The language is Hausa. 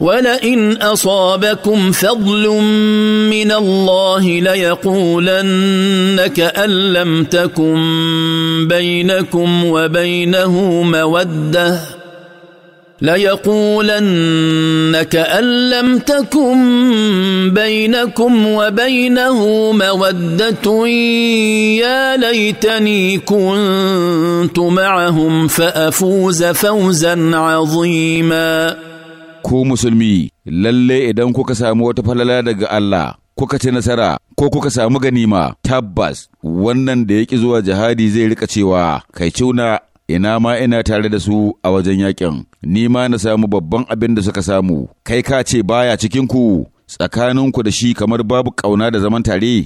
ولئن اصابكم فضل من الله ليقولن كان لم تكن بينكم وبينه موده ليقولن كان لم تكن بينكم وبينه موده يا ليتني كنت معهم فافوز فوزا عظيما ku musulmi, lalle idan kuka samu wata falala daga Allah, kuka ci nasara, ko kuka samu ganima, tabbas wannan da ya ƙi zuwa jihadi zai rika cewa, kai ciuna ina ma ina tare da su a wajen yakin, ni ma na samu babban abin da suka samu, kai ka ce baya cikinku, tsakaninku da shi kamar babu ƙauna da zaman tare.